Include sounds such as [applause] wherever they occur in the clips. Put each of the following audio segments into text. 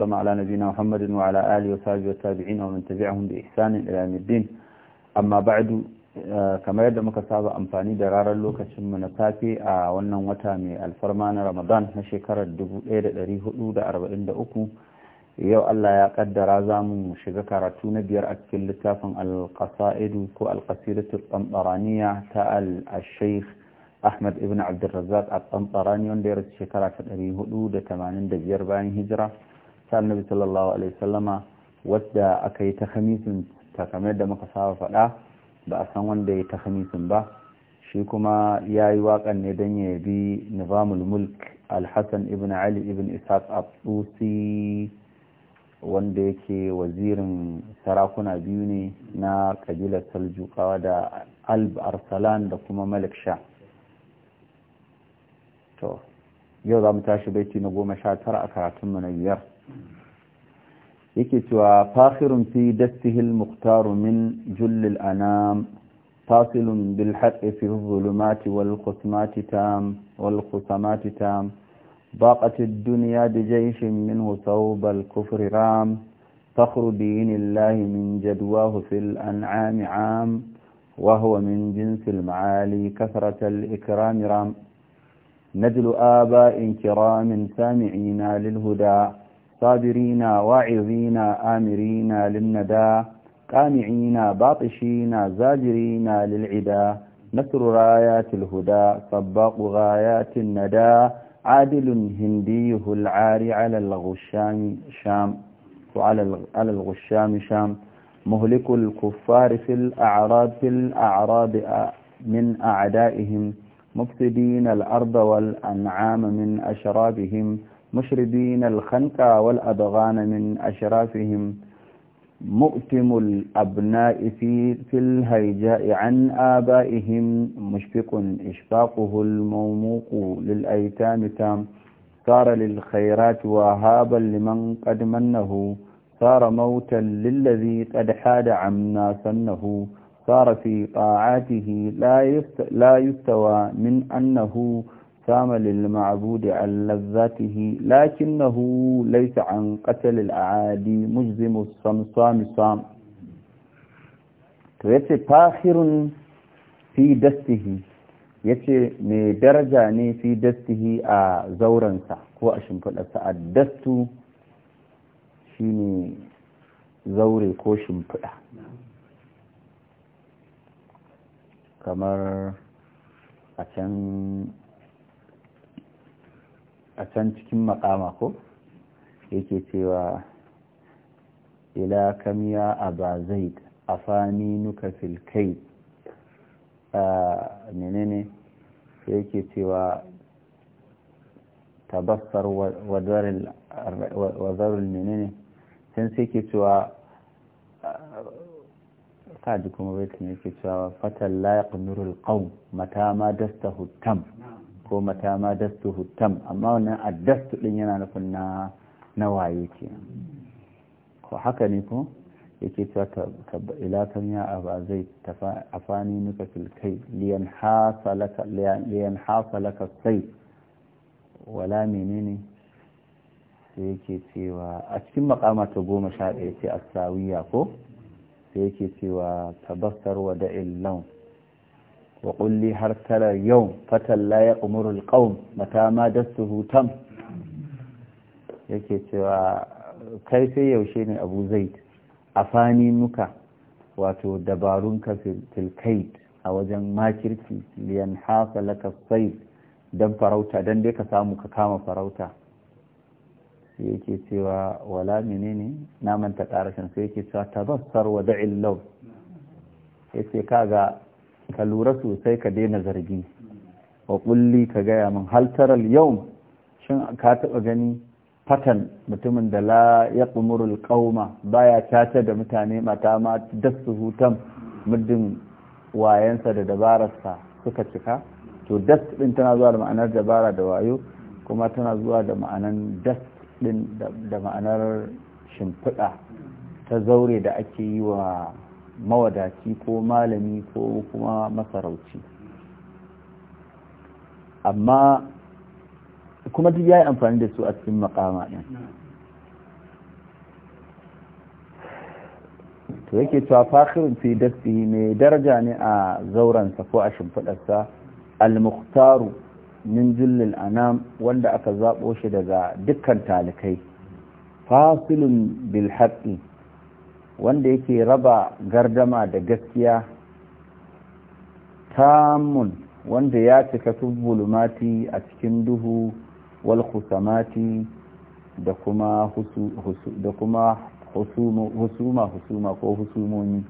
وسلم على نبينا محمد وعلى آله وصحبه والتابعين ومن تبعهم بإحسان إلى يوم الدين أما بعد kamar yadda muka saba amfani da ranar lokacinmu na safe a wannan wata mai alfarma na ramadan na shekarar da uku yau allah ya kaddara za mu shiga karatu na biyar a cikin littafin alƙasa'idu ko alƙasiratul tsambaraniya ta al-shaykh ahmad ibn abdulrazak a tsambarani wanda ya rasu shekara ta da 485 bayan hijira sa annabi sallallahu alaihi sallama wadda aka yi takhamisin ta kamar da muka saba faɗa ba a san wanda ya yi ta khamisun ba shi kuma ya yi waƙan ne don ya bi nizamul mulk alhassan ibn ali ibn ishaq abdusi wanda yake wazirin sarakuna biyu ne na kabilar saljukawa da alb arsalan da kuma malik sha to yau za mu tashi baiti na goma sha tara a karatunmu na biyar yake فاخر في دسته المختار من جل الأنام فاصل بالحق في الظلمات والقسمات تام والقسمات تام ضاقت الدنيا بجيش منه ثوب الكفر رام فخر دين الله من جدواه في الأنعام عام وهو من جنس المعالي كثرة الإكرام رام نجل آباء كرام سامعين للهدى صابرين واعظين آمرين للندى قامعين باطشين زاجرين للعدا نسر رايات الهدى صباق غايات الندى عادل هنديه العار على الغشام شام وعلى على الغشام شام مهلك الكفار في الأعراب في الأعراب من أعدائهم مفسدين الأرض والأنعام من أشرابهم مشربين الخنق والأضغان من أشرافهم مؤتم الأبناء في, في الهيجاء عن آبائهم مشفق إشفاقه الموموق للأيتام تام صار للخيرات وهابا لمن قد منه صار موتا للذي قد حاد عمنا سنه صار في طاعاته لا يستوى من أنه سام للمعبود عن لذاته لكنه ليس عن قتل الأعادي مجزم الصمصام صام yace fahirun fi dastihi yace mai daraja ne fi dastihi a zaurensa ko a shimfiɗarsa a dastu shine zaure ko shimfiɗa kamar a can a can cikin makama ko yake cewa ila kamiya aba zaid afani nuka fil kai menene yake cewa tabassar wadarul menene can sai ke cewa kaji kuma baitin yake cewa fatan la yaqnurul qaum mata ma dastahu hutam. ko mata ma dastu hutam, amma wannan addastu din yana nufin na na waye ko haka ne ko yake cewa ka ila kan ya aba zai afani nuka fil kai liyan hasalaka liyan hasalaka sai wala menene sai yake cewa a cikin makama ta goma sha ɗaya ce a sawiya ko sai yake cewa tabassar wa da'il laun wa kulli har tara yau fatan la ya umurul qaum mata ma dastuhu yake cewa kai sai yaushe ne abu zaid afani muka wato dabarun ka a wajen makirki, liyan hasa laka sai dan farauta dan dai ka samu ka kama farauta sai yake cewa wala menene na manta karashin sai yake cewa tabassar wa da'il law yace kaga ka lura sosai ka daina zargi wa kulli ka gaya min haltaral yau shin ka taɓa gani fatan mutumin da la ya ƙumurul ƙauma baya caca da mutane mata ma dasu hutan muddin wayansa da dabararsa suka cika to das ɗin tana zuwa da ma'anar dabara da wayo kuma tana zuwa da ma'anar das ɗin da ma'anar shimfiɗa ta zaure da ake yi wa mawadaci ko malami ko kuma masarauci amma kuma duk ya yi amfani da su a cikin makama ɗin to yake cewa fakirin fi dafi mai daraja ne a zauransa ko a shimfiɗarsa al-mukhtaru min jullil anam wanda aka zaɓo shi daga dukkan talikai fasilun bil wanda yake raba gardama da gaskiya tamun wanda ya cika bulumati a cikin duhu wal khusamati da kuma husuma husuma ko husumomi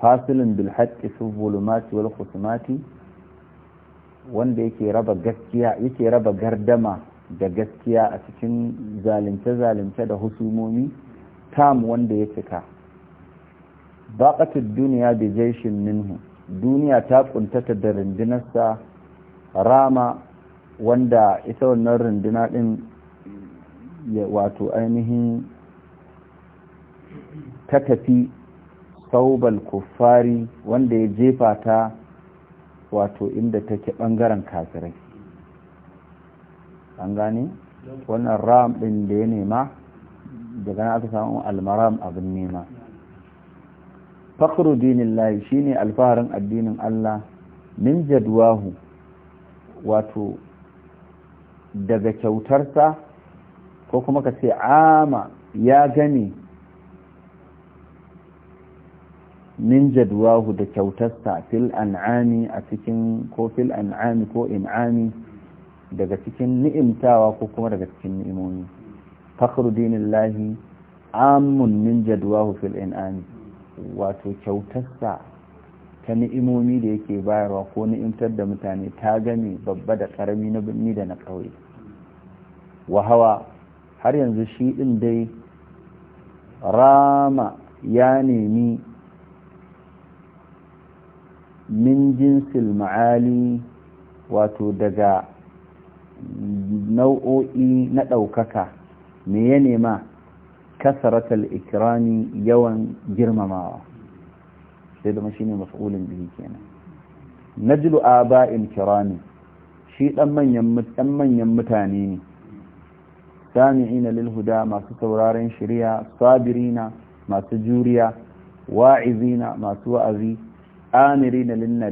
fasilin bil haqqi wal wanda yake raba gaskiya yake raba gardama da gaskiya a cikin zalunce zalunce da husumomi tam wanda ya cika baqatud duniya bi jayshin minhu duniya ta kuntata da rundunarsa rama wanda ita wannan runduna din wato ainihin ta tafi saubal kuffari wanda ya jefa ta wato inda take bangaren kafirai an gane wannan ram din da ya nema daga nan aka samu almaram abin nema fakhru dinillahi shine alfaharin addinin Allah min jadwahu wato daga kyautarsa ko kuma ka ce ama ya gani min jadwahu da kyautarsa fil an'ami a cikin ko fil an'ami ko in'ami daga cikin ni'imtawa ko kuma daga cikin ni'imomi fakhruddin Allah amun min jadwahu fil in'ami wato kyautarsa ta ni'imomi da yake bayarwa ko ni'imtar da mutane ta game babba da karami na birni da na ƙauye wahawa har yanzu shi ɗin dai rama ya nemi min jinsil ma'ali wato daga nau'o'i na ɗaukaka me ya nema kasaratal ikrami yawan girmamawa sai da ne mas'ulin bihi kenan najlu aba'il kirami shi dan manyan dan manyan mutane ne sami'ina lil huda masu sauraron shari'a sabirina masu juriya wa'izina masu wa'azi amirina lin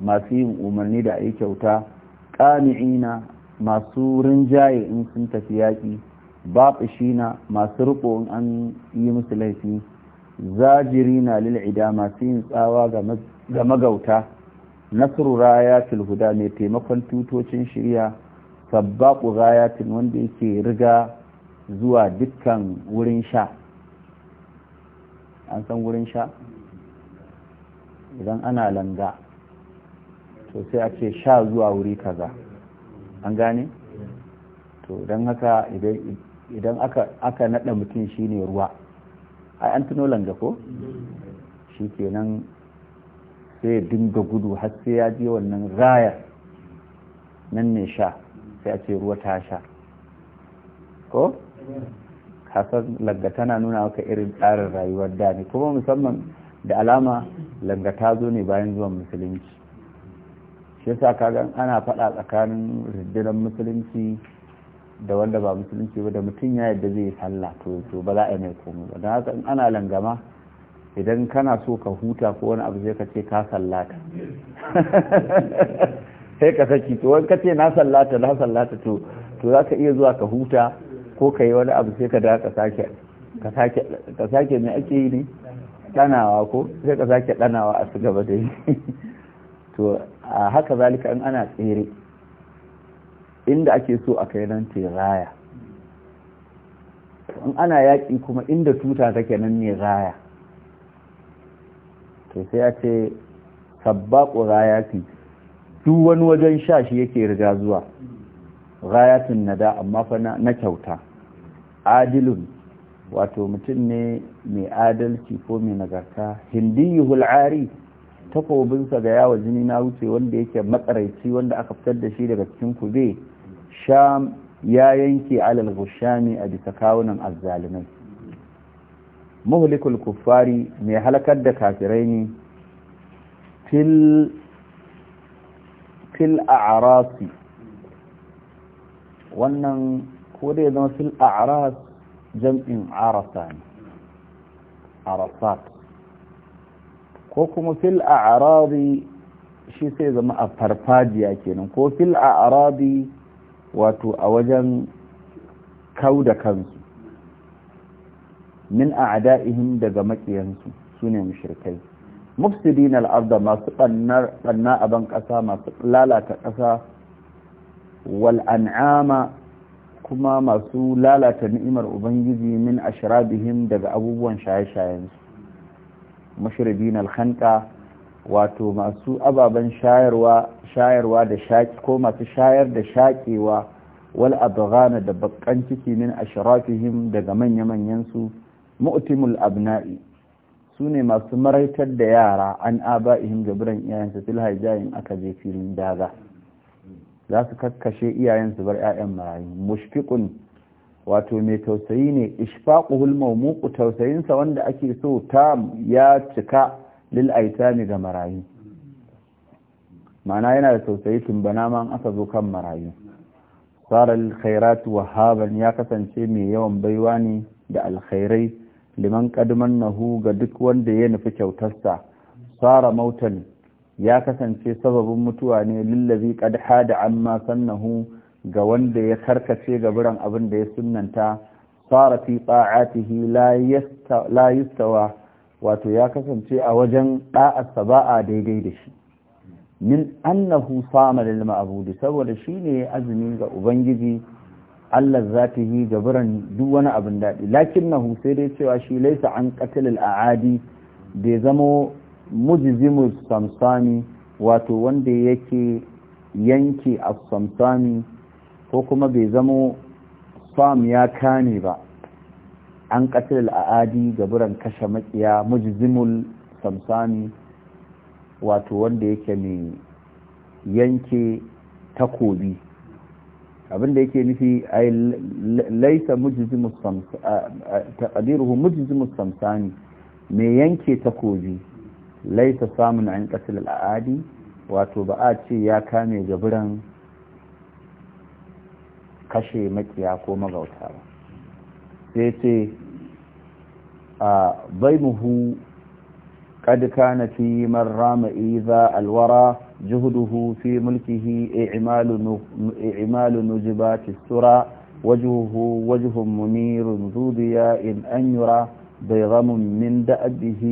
masu yin umarni da ayi kyauta qani'ina masu rinjaye in sun tafi yaƙi shina masu riƙo in an yi musu laifi zajiri na lil'ida masu yin tsawa ga magauta nasru rayatul huda mai taimakon tutocin shirya sabbaku rayatin wanda yake riga zuwa dukkan wurin sha an san wurin sha idan ana langa sosai sai a ce sha zuwa wuri kaza an gane to don haka idan aka naɗa mutum shi ne ruwa ai an tuno langa ko shi kenan sai dinga gudu har sai ya je wannan raya nan ne sha sai a ce ruwa ta sha ko kasar langa tana nuna maka irin tsarin rayuwar da kuma musamman da alama langa ta zo ne bayan zuwan musulunci shi yasa ga ana faɗa tsakanin rundunar musulunci da wanda ba musulunci ba da mutum ya yadda zai sallah to to ba za a yi mai komai ba don haka in ana langama idan kana so ka huta ko wani abu sai ka ce ka sallata [laughs] sai ka saki to wani ka ce na sallata na sallata to to za ka iya zuwa ka huta ko ka yi wani abu sai ka dawo ka sake ka sake ka sake me ake yi ne Ɗanawa ko sai ka sake ɗanawa a su gaba da yi [laughs] to a haka zalika in ana tsere inda ake so a kai nan raya in ana yaƙi kuma inda tuta take nan ne raya to sai ya ce sabbaƙo rayati duk wani wajen sha shi yake riga zuwa rayatin nada amma fa na kyauta adilun wato mutum ne mai adalci ko mai nagarta hindiyuhul ari takobinsa ga yawa jini na wuce wanda yake matsaraici wanda aka fitar da shi daga cikin kube sham ya yanke alal gushami a bisa kawunan azzalimai muhlikul kufari mai halakar da kafirai ne fil a'rasi wannan ko dai zama fil a'ras jam'in arasa ne arasat ko kuma fil a'rabi shi sai zama a farfajiya kenan ko fil a'rabi wato a wajen kau da kansu min a'da'ihim daga maƙiyansu sune mushrikai mufsidin al'arda masu ɓanna a ban ƙasa masu lalata ƙasa wal an'ama kuma masu lalata ni'imar ubangiji min ashrabihim daga abubuwan shaye-shayensu mashribin alhanka wato masu ababen shayarwa shayarwa da shaki ko masu shayar da shakewa wal adghana da bakkan ciki min ashrafihim daga manya-manyan su mu'timul abna'i su ne masu maraitar da yara an aba'ihim gaburan iyayensu fil hijayin aka je filin daga za su kakkashe iyayensu bar 'ya'yan marayu mushfiqun wato mai tausayi ne ishfaquhul mawmuqu tausayinsa wanda ake so ta ya cika lil aitami ga marayu ma'ana yana da tausayi tumbana ma aka zo kan marayu sarar alkhairat wahaban ya kasance mai yawan baiwa ne da alkhairai liman kadman nahu ga duk wanda ya nufi kyautarsa sara mautan ya kasance sababin mutuwa ne lillazi qad hada amma sannahu ga wanda ya karkace ga biran abin da ya sunanta fara fi ta'atihi la yustawa wato ya kasance a wajen da'arsa ba a daidai da shi min annahu sama lil ma'budi saboda shine azumi ga ubangiji Allah zatihi ga biran duk wani abin daɗi lakin lakinnahu sai dai cewa shi laisa an qatil al da bai zamo mujzimu samsami wato wanda yake yanke a samsami ko kuma bai zamo fam ya kane ba an katil al'adi gaburan kashe makiya mujzimul samsani wato wanda yake mai yanke takobi abinda yake nufi ai laisa mujzimus taqdiruhu mujzimus samsani mai yanke takobi laisa samun an katil al'adi wato ba a ce ya kame gaburan kashe makiya ko magauta ba sai ce a baimuhu قد كان في من رام إيذاء الورى جهده في ملكه إعمال, إعمال نجبات السرى وجهه وجه منير ذو ضياء أن يرى ضيغم من دأبه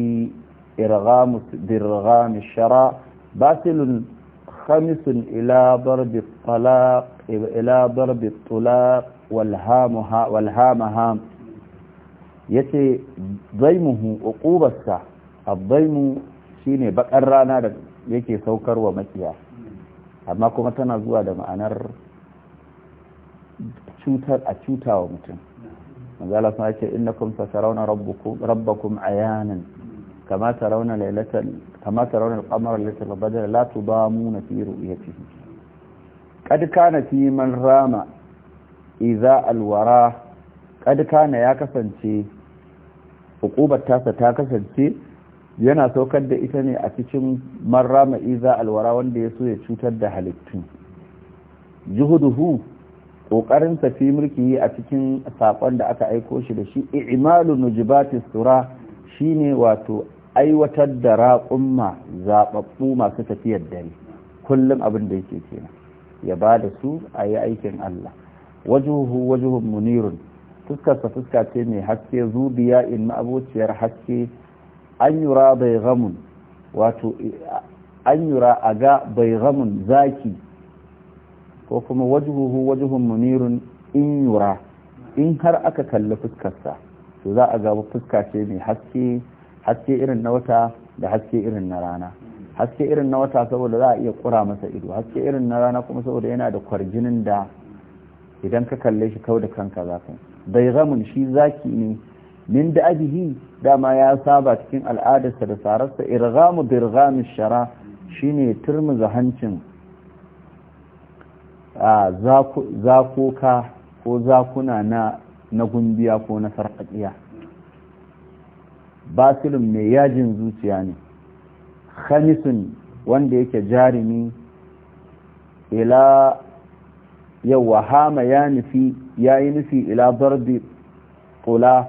إرغام, درغام الشرى باسل khamisun ila darbi talaq ila darbi talaq walhamaha walhamaha yace zaimuhu uqubarsa azzaimu shine bakar rana da yake saukarwa makiya amma kuma tana zuwa da ma'anar cutar a cutawa mutum manzala sun ce innakum satarawna rabbakum rabbakum ayanan كما ترون ليلة كما ترون القمر ليلة البدر لا تضامون في رؤيته قد كان في من رام إذا الورى قد كان يا كسنتي عقوبة تاسة yana saukar da ita ne a cikin marra ma'iza alwara wanda ya so ya cutar da halittu juhuduhu ƙoƙarinsa fi mulki a cikin saƙon da aka aiko shi da shi i'malu nujibati sura shine wato aiwatar da raƙumma zaɓaɓɓu masu tafiyar dare kullum abin da yake kenan ya ba da su a yi aikin Allah wajuhu wajuhun munirun fuskarsa fuska ce mai haske zubiya in ma'abociyar haske an yura bai ramun wato an yura a ga bai ramun zaki ko kuma wajuhu wajuhun munirun in yura in har aka kalli fuskarsa to za a gaba fuska ce mai haske haske irin na wata da haske irin na rana haske irin na wata saboda za a iya kura masa ido haske irin na rana kuma saboda yana da kwarjinin da idan ka kalle shi kau da kanka za ka bai zamun shi zaki ne min da abihi dama ya saba cikin al'adarsa da sararsa irgamu birgamu shara shine turmuza hancin zakoka ko zakuna na na gumbiya ko na sarƙaƙiya basilun mai yajin zuciya ne khamisun wanda yake jarumi ila yawwa hama ya nufi ya yi nufi ila barbi kula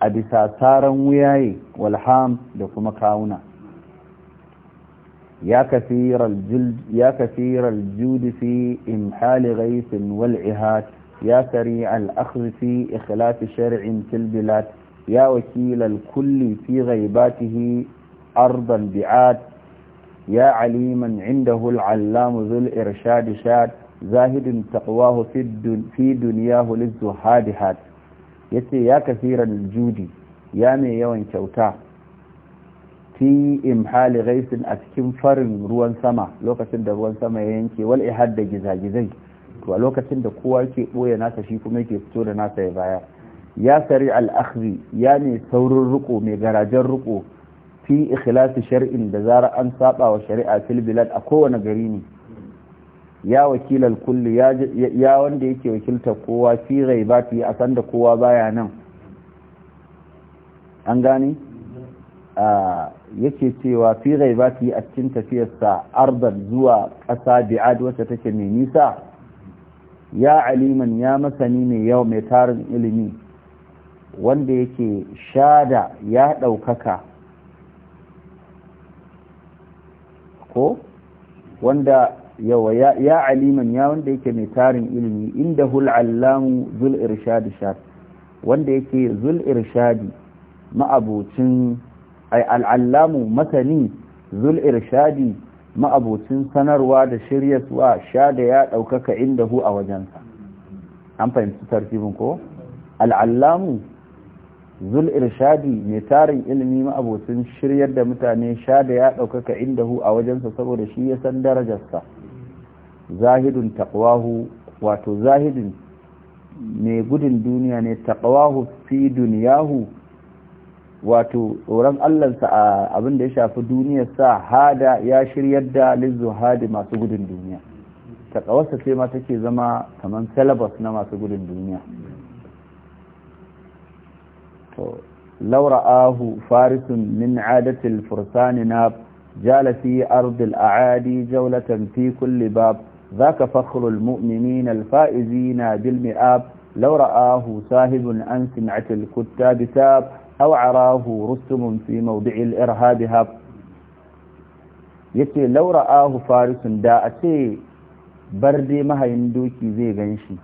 a bisa tsaron wuyaye walham da kuma kawuna ya kasirar judi fi imhali ghaisin wal'ihat يا سريع الأخذ في إخلاف شرع في البلاد يا وكيل الكل في غيباته أرضا بعاد يا عليما عنده العلام ذو الإرشاد شاد زاهد تقواه في, الدن في دنياه للزهاد هاد يتي يا كثير الجود يا مي يوان كوتا في إمحال غيث أتكم فرن روان سما لو كتن روان سما ينكي والإحاد جزا جزي to a lokacin da kowa ke ɓoye nasa shi kuma yake fito da nasa ya baya ya sari al'akhzi ya ne saurin riko mai garajen riko fi ikhlasi shar'in da zara an saba wa shari'a fil bilad a kowane gari ne ya wakilal kulli ya wanda yake wakilta kowa fi ghaibati a san kowa baya nan an gani yake cewa fi ghaibati a cikin tafiyarsa ardan zuwa ƙasa bi'ad wacce take mai nisa ya aliman ya masani mai yau mai tarin ilimi wanda yake shada ya ɗaukaka ko wanda yawa ya aliman ya wanda yake mai tarin ilimi inda hul'allamu zul irshadi shad wanda yake zul irshadi ma'abucin ai al'allamu masani zul irshadi ma'abocin sanarwa da shiryatwa sha da ya ɗaukaka inda hu a wajensa an fahimci tartibin ko al'allamu zul irshadi mai tarin ilimi ma'abocin shiryar da mutane sha da ya ɗaukaka inda hu a wajensa saboda shi ya san darajarsa zahidun taqwahu wato zahidin mai gudun duniya ne taqwahu fi duniyahu wato tsoron allansa a abin da ya shafi duniyar sa hada ya shiryar da hadi masu gudun duniya ta kawarsa sai ma take zama kamar syllabus na masu gudun duniya to laura'ahu farisun min adatil fursani na jala fi ardil a'adi jaulatan fi kulli bab ذاك فخر المؤمنين الفائزين بالمئاب لو رآه صاحب عن سمعة الكتاب تاب aw arahu rustumun fi mawdi'il irhabiha yace law ra'ahu farisun da a ce barde mahayin doki zai ganshi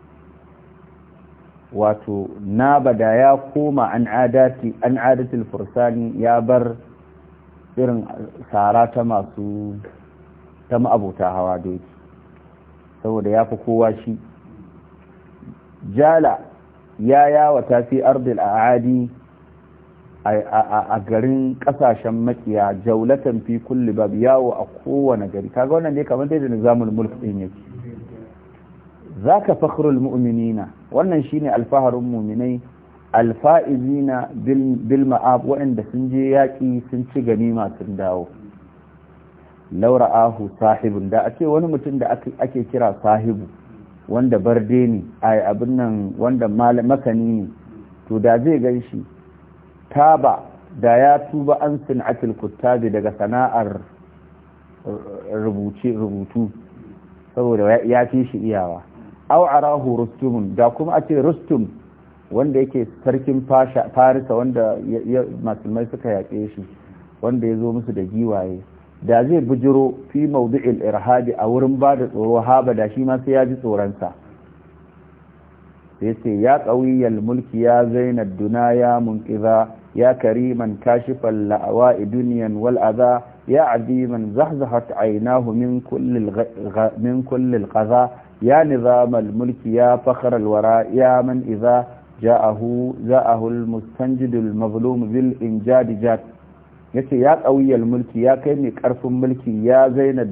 wato na bada ya koma an adati an adatil fursani ya bar irin sara ta masu ta ma'abuta hawa doki saboda ya fi kowa shi jala ya yawata fi ardil a'adi a garin kasashen makiya jaulatan fi kulli bab yawo a kowane gari kaga wannan ne kamar da nizamul mulk din yake zaka fakhrul mu'minina wannan shine alfaharun mu'minai alfa'izina bil ma'ab wa'anda sun je yaki sun ci ganima sun dawo laura sahibun da ake wani mutum da ake kira sahibu wanda barde ne a abin nan wanda makani ne to da zai gan shi taba da ya tuba an akil kuttabi daga sana'ar uh, rubutu saboda ya fi shi iyawa au arahu rustum da kuma a ce rustum wanda yake sarkin farisa wanda musulmai suka yaƙe shi wanda ya zo musu da giwaye da zai bujiro fi maudu'il irhadi a wurin ba da tsoro haba da shi ma sai ya ji tsoronsa sai sai ya ƙawiyyar mulki ya zaina duna ya munƙiza يا كريما كاشف اللأواء دنيا والأذى يا عظيما زحزحت عيناه من كل الغ... من كل القذى يا نظام الملك يا فخر الوراء يا من إذا جاءه جاءه المستنجد المظلوم بالإنجاد جات yace ya ƙauyar mulki ya kai mai ƙarfin mulki ya zaina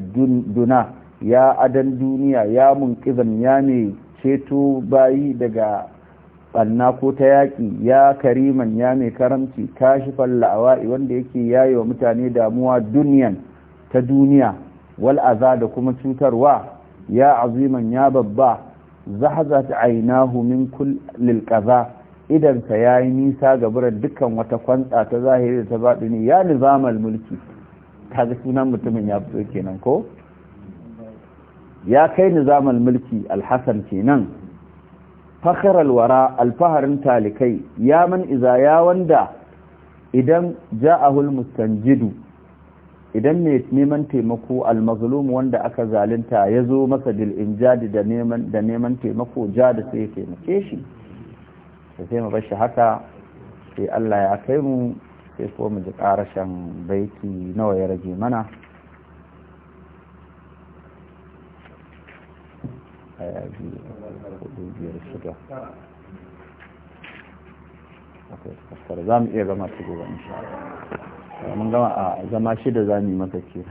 duna ya adan duniya ya munƙizan ya mai ceto bayi daga banna ko ta yaƙi ya kariman ya mai karamci kashifan la'awa'i wanda yake yayi wa mutane damuwa duniyan ta duniya wal aza da kuma cutarwa ya aziman ya babba zahazat ainahu min kullil qaza idan sa yayi nisa ga buran dukkan wata kwanta ta zahiri ta ne ya nizamal mulki ga sunan mutumin ya fito kenan ko ya kai nizamal mulki alhasan kenan fakhar alwara alfaharin talikai ya man iza ya wanda idan ja'ahul mustanjidu idan mai neman taimako almazlum wanda aka zalunta ya zo masa dil injadi da neman da neman taimako ja da sai ya taimake shi sai mu bar haka sai Allah ya kai mu sai ko mu ji karashin baiti nawa ya rage mana ɗaya biyu hudu biyar shida akwai tafsara za mu iya gama su gobe mun gama a zama shida za mu yi maka kira